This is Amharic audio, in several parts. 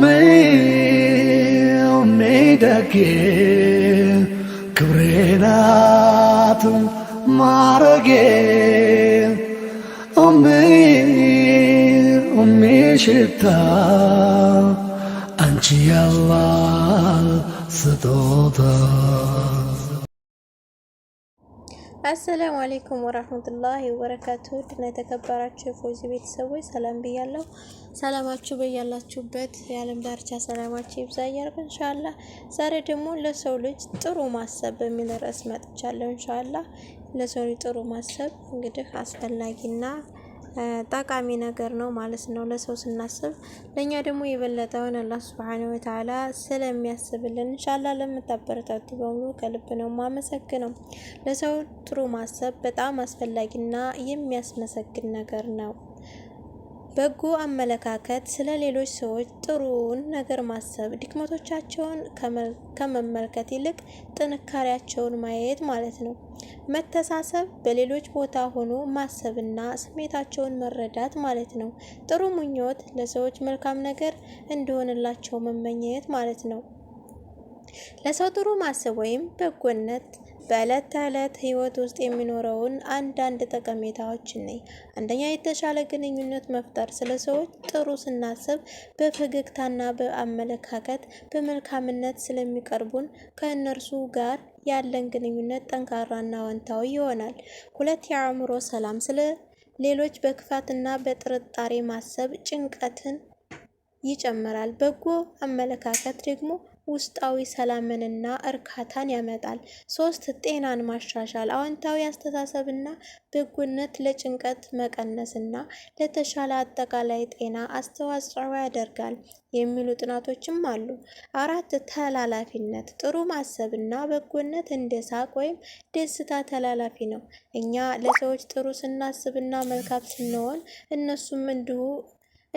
ቆሜ ደጌ ክብሬ ናት ማረጌ ኦሜ ሽታ አንቺ ያላህ ስጦታ አሰላሙ አሌይኩም ወራህመቱላሂ ወበረካቱ ድና የተከበራችሁ የፎዚ ቤተሰቦች ሰላም ብያለሁ። ሰላማችሁ በያላችሁበት የዓለም ዳርቻ ሰላማችሁ ይብዛ እያልኩ እንሻላ ዛሬ ደግሞ ለሰው ልጅ ጥሩ ማሰብ በሚል ርዕስ መጥቻለሁ። እንሻላ ለሰው ልጅ ጥሩ ማሰብ እንግዲህ አስፈላጊና ጠቃሚ ነገር ነው ማለት ነው። ለሰው ስናስብ ለእኛ ደግሞ የበለጠውን አላህ ሱብሓነሁ ወተዓላ ስለሚያስብልን እንሻላ ለምታበረታቱ በሙሉ ከልብ ነው ማመሰግነው። ለሰው ጥሩ ማሰብ በጣም አስፈላጊና የሚያስመሰግን ነገር ነው። በጎ አመለካከት፣ ስለ ሌሎች ሰዎች ጥሩውን ነገር ማሰብ፣ ድክመቶቻቸውን ከመመልከት ይልቅ ጥንካሬያቸውን ማየት ማለት ነው። መተሳሰብ፣ በሌሎች ቦታ ሆኖ ማሰብና ስሜታቸውን መረዳት ማለት ነው። ጥሩ ምኞት፣ ለሰዎች መልካም ነገር እንዲሆንላቸው መመኘት ማለት ነው። ለሰው ጥሩ ማሰብ ወይም በጎነት በዕለት ተዕለት ህይወት ውስጥ የሚኖረውን አንዳንድ ጠቀሜታዎች ነኝ። አንደኛ የተሻለ ግንኙነት መፍጠር፣ ስለ ሰዎች ጥሩ ስናስብ በፈገግታና በአመለካከት በመልካምነት ስለሚቀርቡን ከእነርሱ ጋር ያለን ግንኙነት ጠንካራና አዎንታዊ ይሆናል። ሁለት የአእምሮ ሰላም፣ ስለ ሌሎች በክፋትና በጥርጣሬ ማሰብ ጭንቀትን ይጨምራል። በጎ አመለካከት ደግሞ ውስጣዊ ሰላምንና እርካታን ያመጣል። ሶስት ጤናን ማሻሻል አዎንታዊ አስተሳሰብና በጎነት ለጭንቀት መቀነስና ለተሻለ አጠቃላይ ጤና አስተዋጽኦ ያደርጋል የሚሉ ጥናቶችም አሉ። አራት ተላላፊነት ጥሩ ማሰብና በጎነት እንደ ሳቅ ወይም ደስታ ተላላፊ ነው። እኛ ለሰዎች ጥሩ ስናስብና መልካም ስንሆን እነሱም እንዲሁ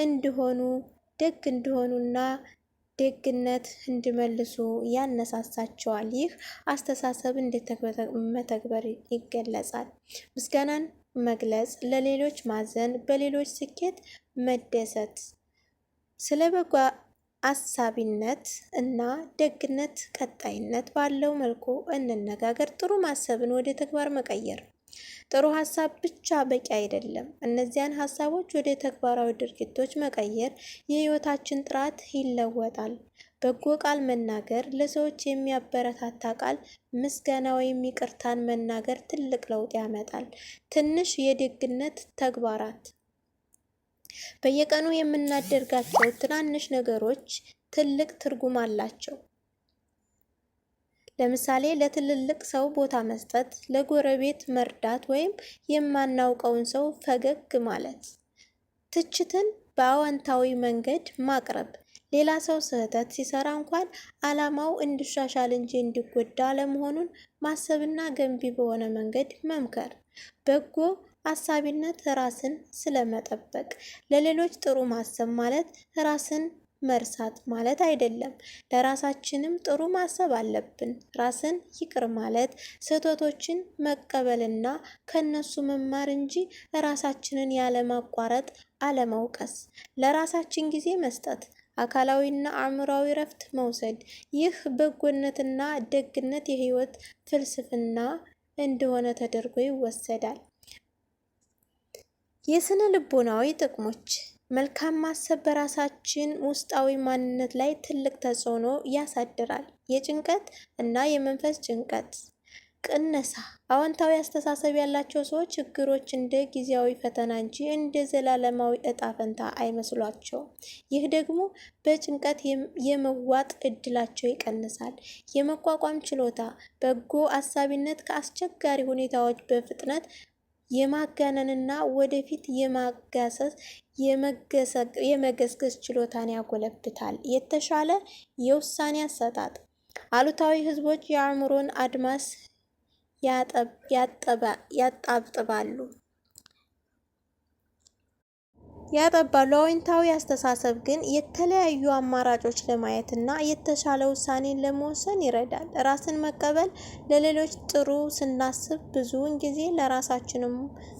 እንዲሆኑ ደግ እንዲሆኑና ደግነት እንዲመልሱ ያነሳሳቸዋል። ይህ አስተሳሰብ እንደመተግበር ይገለጻል። ምስጋናን መግለጽ፣ ለሌሎች ማዘን፣ በሌሎች ስኬት መደሰት፣ ስለ በጎ አሳቢነት እና ደግነት ቀጣይነት ባለው መልኩ እንነጋገር። ጥሩ ማሰብን ወደ ተግባር መቀየር ጥሩ ሀሳብ ብቻ በቂ አይደለም። እነዚያን ሀሳቦች ወደ ተግባራዊ ድርጊቶች መቀየር የህይወታችን ጥራት ይለወጣል። በጎ ቃል መናገር፣ ለሰዎች የሚያበረታታ ቃል፣ ምስጋና ወይም ይቅርታን መናገር ትልቅ ለውጥ ያመጣል። ትንሽ የደግነት ተግባራት በየቀኑ የምናደርጋቸው ትናንሽ ነገሮች ትልቅ ትርጉም አላቸው። ለምሳሌ ለትልልቅ ሰው ቦታ መስጠት፣ ለጎረቤት መርዳት ወይም የማናውቀውን ሰው ፈገግ ማለት። ትችትን በአዎንታዊ መንገድ ማቅረብ፣ ሌላ ሰው ስህተት ሲሰራ እንኳን ዓላማው እንዲሻሻል እንጂ እንዲጎዳ አለመሆኑን ማሰብና ገንቢ በሆነ መንገድ መምከር። በጎ አሳቢነት ራስን ስለመጠበቅ፣ ለሌሎች ጥሩ ማሰብ ማለት ራስን መርሳት ማለት አይደለም። ለራሳችንም ጥሩ ማሰብ አለብን። ራስን ይቅር ማለት ስህተቶችን መቀበልና ከነሱ መማር እንጂ ራሳችንን ያለማቋረጥ አለመውቀስ፣ ለራሳችን ጊዜ መስጠት፣ አካላዊና አእምሯዊ እረፍት መውሰድ። ይህ በጎነትና ደግነት የህይወት ፍልስፍና እንደሆነ ተደርጎ ይወሰዳል። የስነ ልቦናዊ ጥቅሞች መልካም ማሰብ በራሳችን ውስጣዊ ማንነት ላይ ትልቅ ተጽዕኖ ያሳድራል። የጭንቀት እና የመንፈስ ጭንቀት ቅነሳ አዎንታዊ አስተሳሰብ ያላቸው ሰዎች ችግሮች እንደ ጊዜያዊ ፈተና እንጂ እንደ ዘላለማዊ እጣ ፈንታ አይመስሏቸውም። ይህ ደግሞ በጭንቀት የመዋጥ እድላቸው ይቀንሳል። የመቋቋም ችሎታ፣ በጎ አሳቢነት ከአስቸጋሪ ሁኔታዎች በፍጥነት የማጋነንና ወደፊት የማጋሰስ የመገስገስ ችሎታን ያጎለብታል። የተሻለ የውሳኔ አሰጣጥ አሉታዊ ህዝቦች የአእምሮን አድማስ ያጣብጥባሉ። ያጠባ አዎንታዊ አስተሳሰብ ግን የተለያዩ አማራጮች ለማየት እና የተሻለ ውሳኔን ለመወሰን ይረዳል። ራስን መቀበል ለሌሎች ጥሩ ስናስብ ብዙውን ጊዜ ለራሳችንም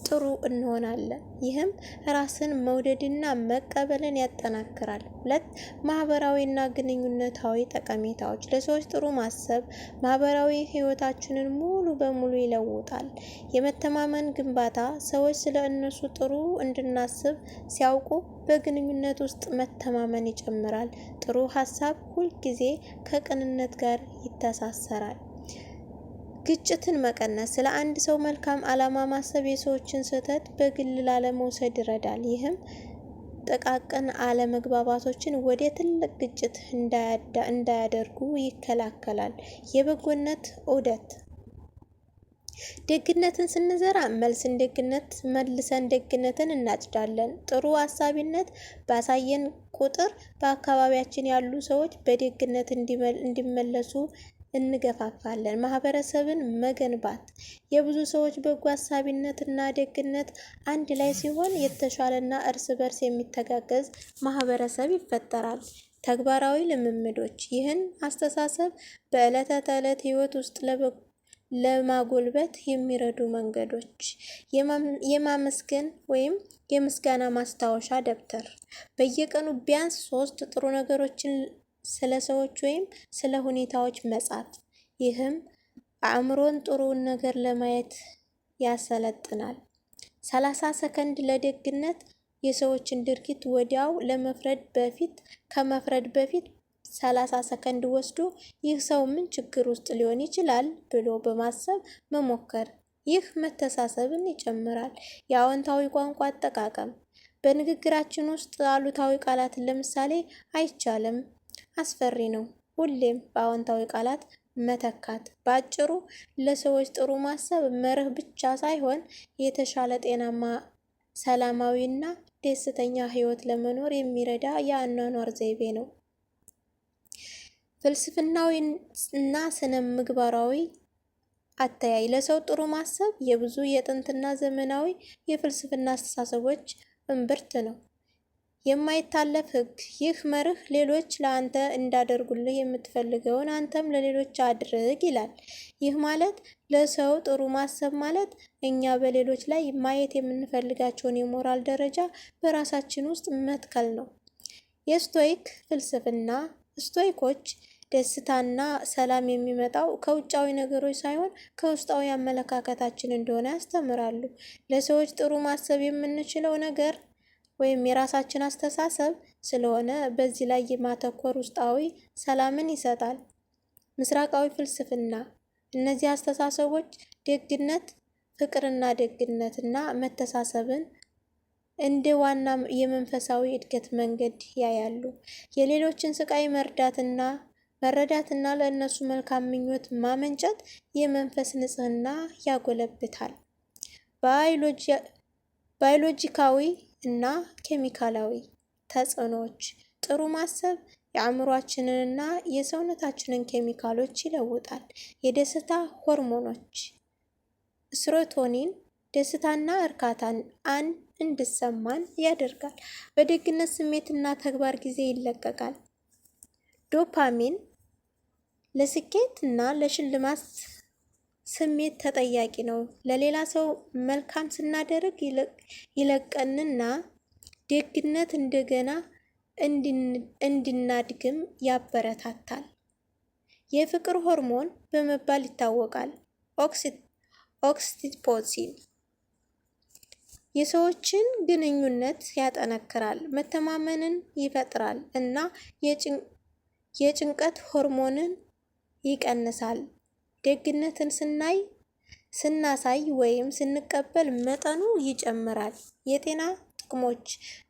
ጥሩ እንሆናለን። ይህም ራስን መውደድና መቀበልን ያጠናክራል። ሁለት ማህበራዊና ግንኙነታዊ ጠቀሜታዎች ለሰዎች ጥሩ ማሰብ ማህበራዊ ህይወታችንን ሙሉ በሙሉ ይለውጣል። የመተማመን ግንባታ ሰዎች ስለ እነሱ ጥሩ እንድናስብ ሲያውቁ በግንኙነት ውስጥ መተማመን ይጨምራል። ጥሩ ሀሳብ ሁልጊዜ ከቅንነት ጋር ይተሳሰራል። ግጭትን መቀነስ ስለ አንድ ሰው መልካም ዓላማ ማሰብ የሰዎችን ስህተት በግል ላለመውሰድ ይረዳል። ይህም ጥቃቅን አለመግባባቶችን ወደ ትልቅ ግጭት እንዳያደርጉ ይከላከላል። የበጎነት ዑደት ደግነትን ስንዘራ መልስን ደግነት መልሰን ደግነትን እናጭዳለን። ጥሩ አሳቢነት ባሳየን ቁጥር በአካባቢያችን ያሉ ሰዎች በደግነት እንዲመለሱ እንገፋፋለን። ማህበረሰብን መገንባት የብዙ ሰዎች በጎ አሳቢነት እና ደግነት አንድ ላይ ሲሆን የተሻለና እርስ በርስ የሚተጋገዝ ማህበረሰብ ይፈጠራል። ተግባራዊ ልምምዶች ይህን አስተሳሰብ በዕለተ ተዕለት ህይወት ውስጥ ለማጎልበት የሚረዱ መንገዶች የማመስገን ወይም የምስጋና ማስታወሻ ደብተር በየቀኑ ቢያንስ ሶስት ጥሩ ነገሮችን ስለ ሰዎች ወይም ስለ ሁኔታዎች መጻፍ። ይህም አእምሮን ጥሩውን ነገር ለማየት ያሰለጥናል። ሰላሳ ሰከንድ ለደግነት የሰዎችን ድርጊት ወዲያው ለመፍረድ በፊት ከመፍረድ በፊት ሰላሳ ሰከንድ ወስዶ ይህ ሰው ምን ችግር ውስጥ ሊሆን ይችላል ብሎ በማሰብ መሞከር። ይህ መተሳሰብን ይጨምራል። የአዎንታዊ ቋንቋ አጠቃቀም በንግግራችን ውስጥ አሉታዊ ቃላትን ለምሳሌ አይቻልም፣ አስፈሪ ነው፣ ሁሌም በአዎንታዊ ቃላት መተካት። በአጭሩ ለሰዎች ጥሩ ማሰብ መርህ ብቻ ሳይሆን የተሻለ ጤናማ፣ ሰላማዊና ደስተኛ ህይወት ለመኖር የሚረዳ የአኗኗር ዘይቤ ነው። እና ስነ ምግባራዊ አተያይ ለሰው ጥሩ ማሰብ የብዙ የጥንትና ዘመናዊ የፍልስፍና አስተሳሰቦች እምብርት ነው። የማይታለፍ ሕግ። ይህ መርህ ሌሎች ለአንተ እንዳደርጉልህ የምትፈልገውን አንተም ለሌሎች አድርግ ይላል። ይህ ማለት ለሰው ጥሩ ማሰብ ማለት እኛ በሌሎች ላይ ማየት የምንፈልጋቸውን የሞራል ደረጃ በራሳችን ውስጥ መትከል ነው። የስቶይክ ፍልስፍና ስቶይኮች ደስታና ሰላም የሚመጣው ከውጫዊ ነገሮች ሳይሆን ከውስጣዊ አመለካከታችን እንደሆነ ያስተምራሉ። ለሰዎች ጥሩ ማሰብ የምንችለው ነገር ወይም የራሳችን አስተሳሰብ ስለሆነ በዚህ ላይ የማተኮር ውስጣዊ ሰላምን ይሰጣል። ምስራቃዊ ፍልስፍና እነዚህ አስተሳሰቦች ደግነት፣ ፍቅርና ደግነት እና መተሳሰብን እንደ ዋና የመንፈሳዊ እድገት መንገድ ያያሉ። የሌሎችን ስቃይ መርዳትና መረዳትና ለእነሱ መልካም ምኞት ማመንጨት የመንፈስ ንጽህና ያጎለብታል። ባዮሎጂካዊ እና ኬሚካላዊ ተጽዕኖዎች ጥሩ ማሰብ የአእምሯችንንና የሰውነታችንን ኬሚካሎች ይለውጣል። የደስታ ሆርሞኖች ስሮቶኒን ደስታና እርካታን አን እንድሰማን ያደርጋል። በደግነት ስሜትና ተግባር ጊዜ ይለቀቃል። ዶፓሚን ለስኬት እና ለሽልማት ስሜት ተጠያቂ ነው። ለሌላ ሰው መልካም ስናደርግ ይለቀንና ደግነት እንደገና እንድናድግም ያበረታታል። የፍቅር ሆርሞን በመባል ይታወቃል። ኦክሲቶሲን የሰዎችን ግንኙነት ያጠነክራል፣ መተማመንን ይፈጥራል እና የጭንቀት ሆርሞንን ይቀንሳል። ደግነትን ስናይ ስናሳይ ወይም ስንቀበል መጠኑ ይጨምራል። የጤና ጥቅሞች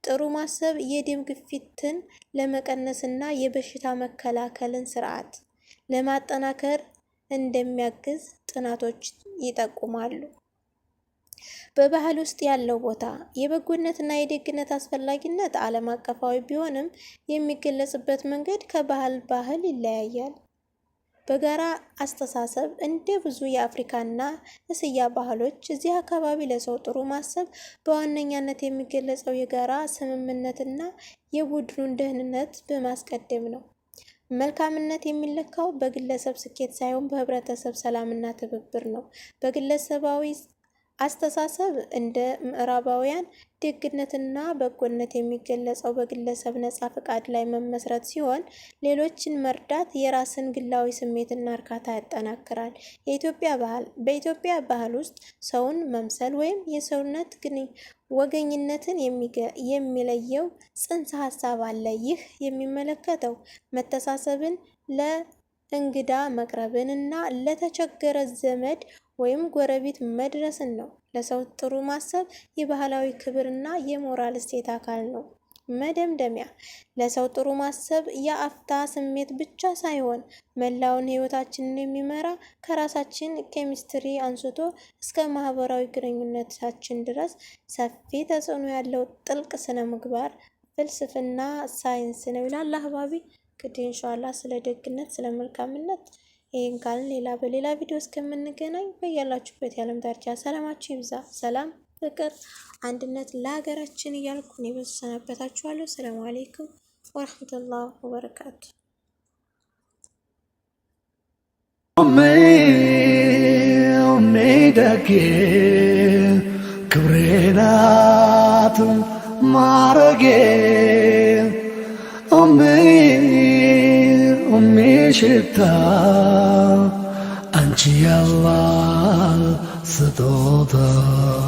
ጥሩ ማሰብ የደም ግፊትን ለመቀነስና የበሽታ መከላከልን ስርዓት ለማጠናከር እንደሚያግዝ ጥናቶች ይጠቁማሉ። በባህል ውስጥ ያለው ቦታ የበጎነትና የደግነት አስፈላጊነት ዓለም አቀፋዊ ቢሆንም የሚገለጽበት መንገድ ከባህል ባህል ይለያያል። በጋራ አስተሳሰብ እንደ ብዙ የአፍሪካና እስያ ባህሎች እዚህ አካባቢ ለሰው ጥሩ ማሰብ በዋነኛነት የሚገለጸው የጋራ ስምምነትና የቡድኑን ደህንነት በማስቀደም ነው። መልካምነት የሚለካው በግለሰብ ስኬት ሳይሆን በህብረተሰብ ሰላምና ትብብር ነው። በግለሰባዊ አስተሳሰብ እንደ ምዕራባውያን ደግነትና በጎነት የሚገለጸው በግለሰብ ነፃ ፈቃድ ላይ መመስረት ሲሆን ሌሎችን መርዳት የራስን ግላዊ ስሜትና እርካታ ያጠናክራል። የኢትዮጵያ ባህል በኢትዮጵያ ባህል ውስጥ ሰውን መምሰል ወይም የሰውነት ግን ወገኝነትን የሚለየው ጽንሰ ሀሳብ አለ። ይህ የሚመለከተው መተሳሰብን ለ እንግዳ መቅረብን እና ለተቸገረ ዘመድ ወይም ጎረቤት መድረስን ነው። ለሰው ጥሩ ማሰብ የባህላዊ ክብርና የሞራል እሴት አካል ነው። መደምደሚያ ለሰው ጥሩ ማሰብ የአፍታ ስሜት ብቻ ሳይሆን መላውን ህይወታችንን የሚመራ ከራሳችን ኬሚስትሪ አንስቶ እስከ ማህበራዊ ግንኙነታችን ድረስ ሰፊ ተጽዕኖ ያለው ጥልቅ ስነ ምግባር ፍልስፍና ሳይንስ ነው ይላል አህባቢ። እንግዲህ ስለ ደግነት፣ ስለ መልካምነት ይህን ካልን ሌላ በሌላ ቪዲዮ እስከምንገናኝ በያላችሁበት የዓለም ዳርቻ ሰላማችሁ ይብዛ። ሰላም፣ ፍቅር፣ አንድነት ለሀገራችን እያልኩ እኔ በተሰናበታችኋለሁ። ሰላም አሌይኩም ወረህመቱላህ ወበረካቱ። ደጌ ማረጌ 是她，安吉拉，斯多特。